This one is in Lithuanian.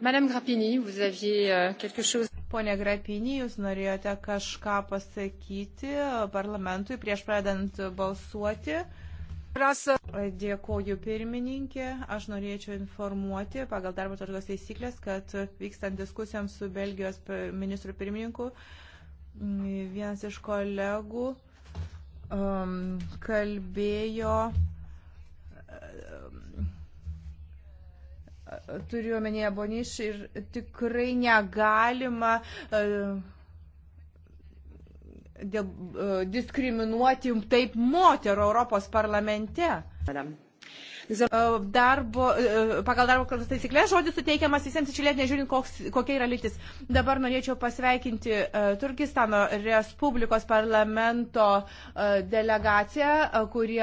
Madame Grappini, vous aviez euh, quelque chose. Pone Grappini, jūs norėjote kažką pasakyti parlamentui prieš pradant balsuoti. Rasa. Dėkoju pirmininkė. Aš norėčiau informuoti pagal darbo tvarkos teisiklės, kad vykstant diskusijams su Belgijos ministru pirmininku, vienas iš kolegų um, kalbėjo turiu omenyje Boniš ir tikrai negalima e, dėl, e, diskriminuoti taip moterų Europos parlamente. Madam. E, darbo, pagal darbo kalbos taisyklės žodis suteikiamas visiems išėlėt, nežiūrint, koks, kokia yra lytis. Dabar norėčiau pasveikinti Turkistano Respublikos parlamento delegaciją, kurie